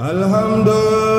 alhamdulillah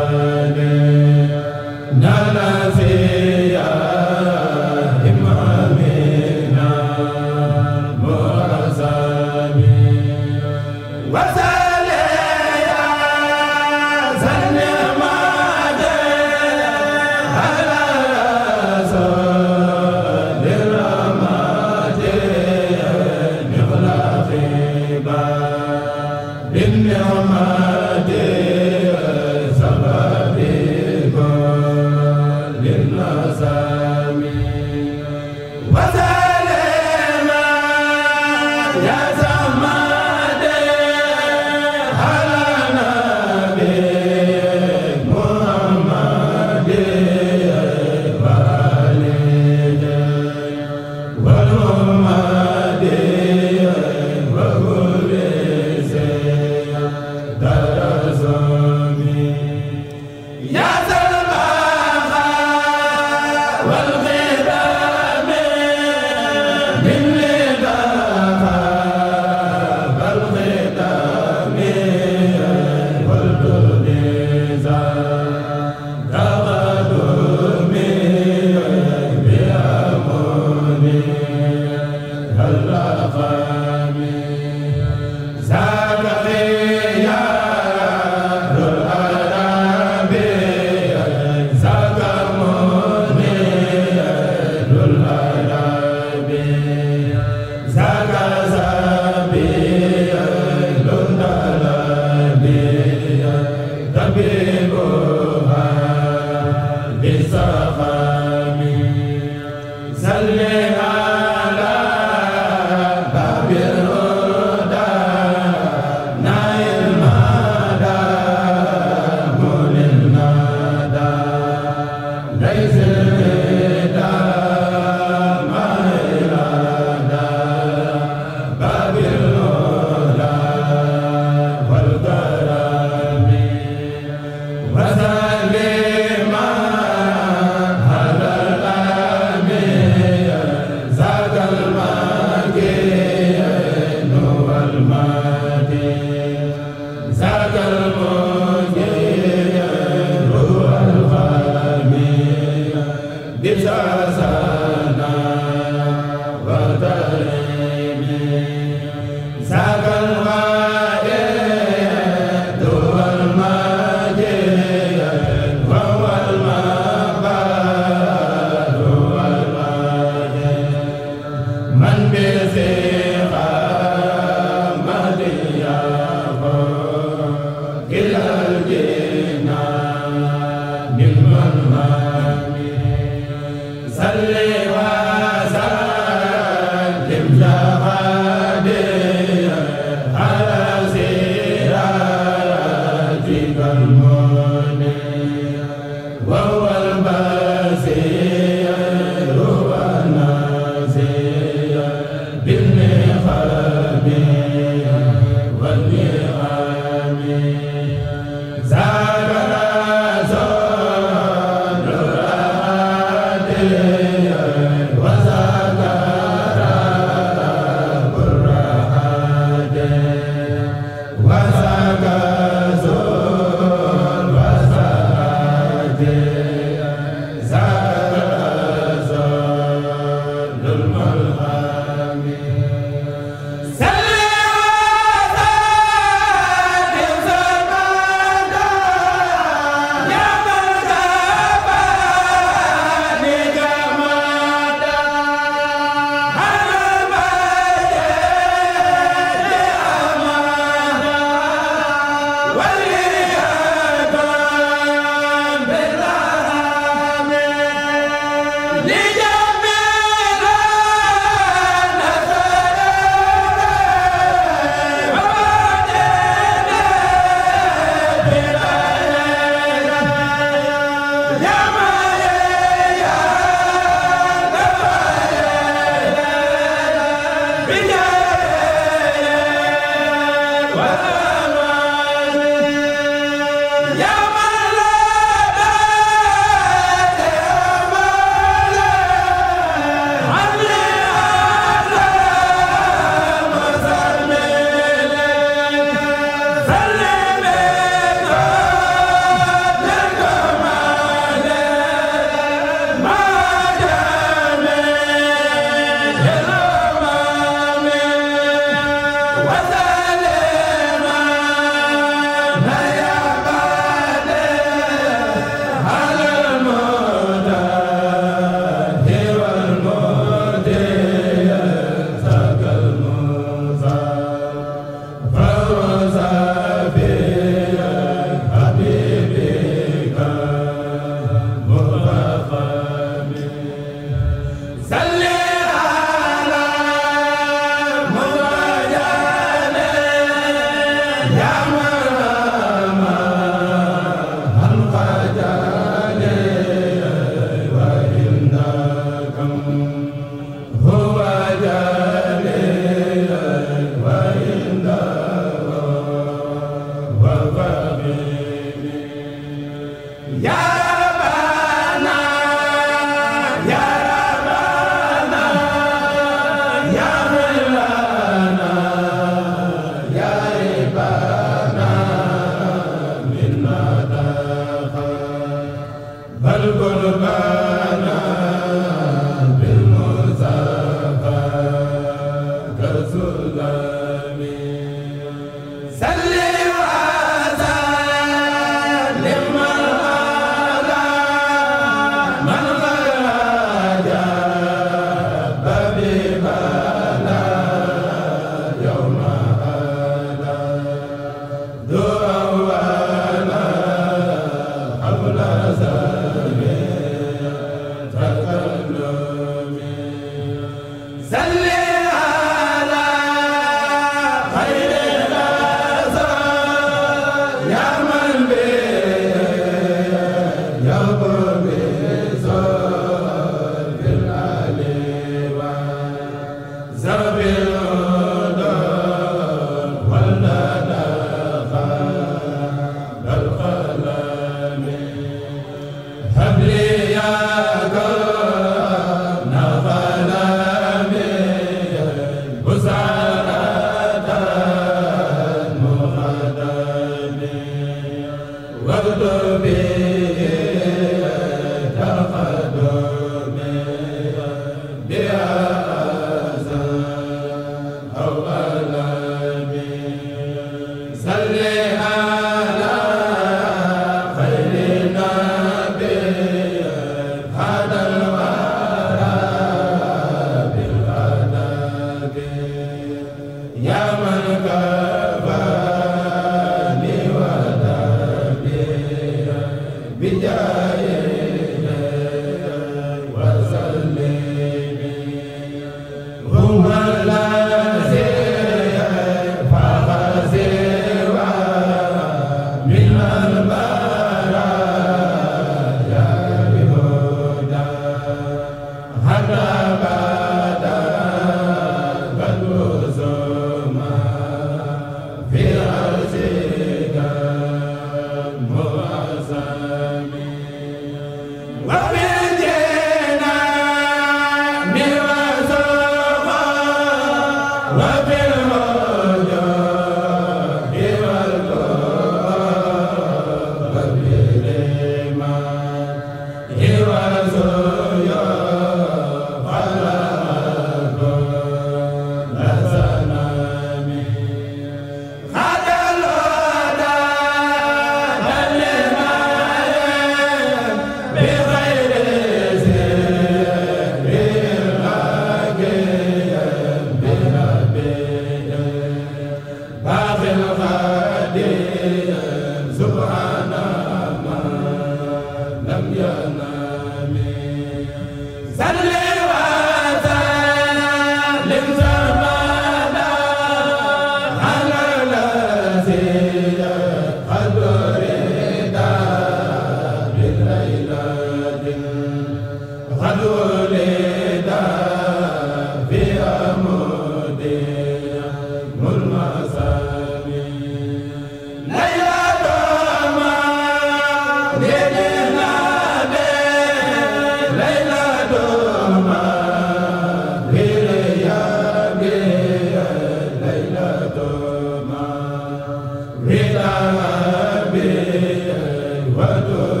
wa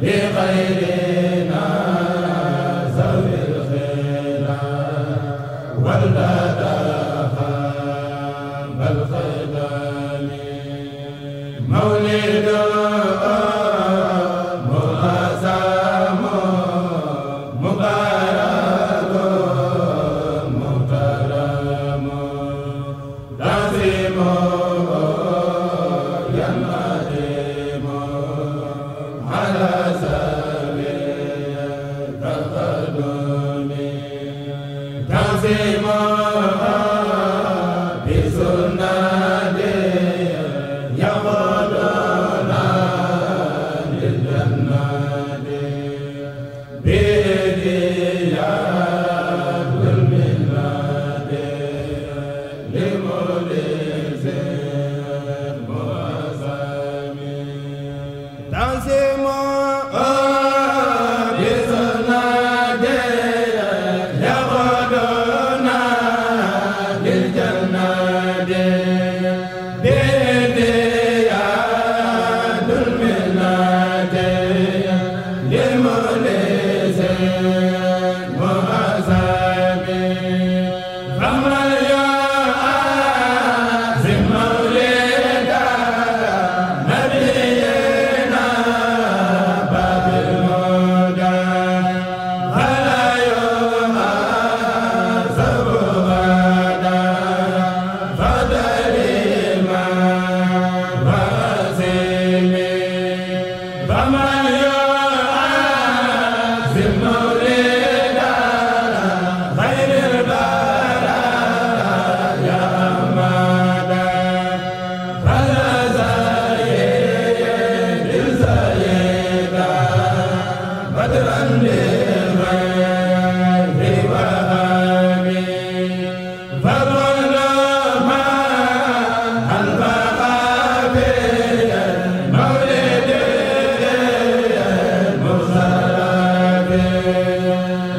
li xayri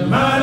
ma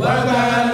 wa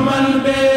man be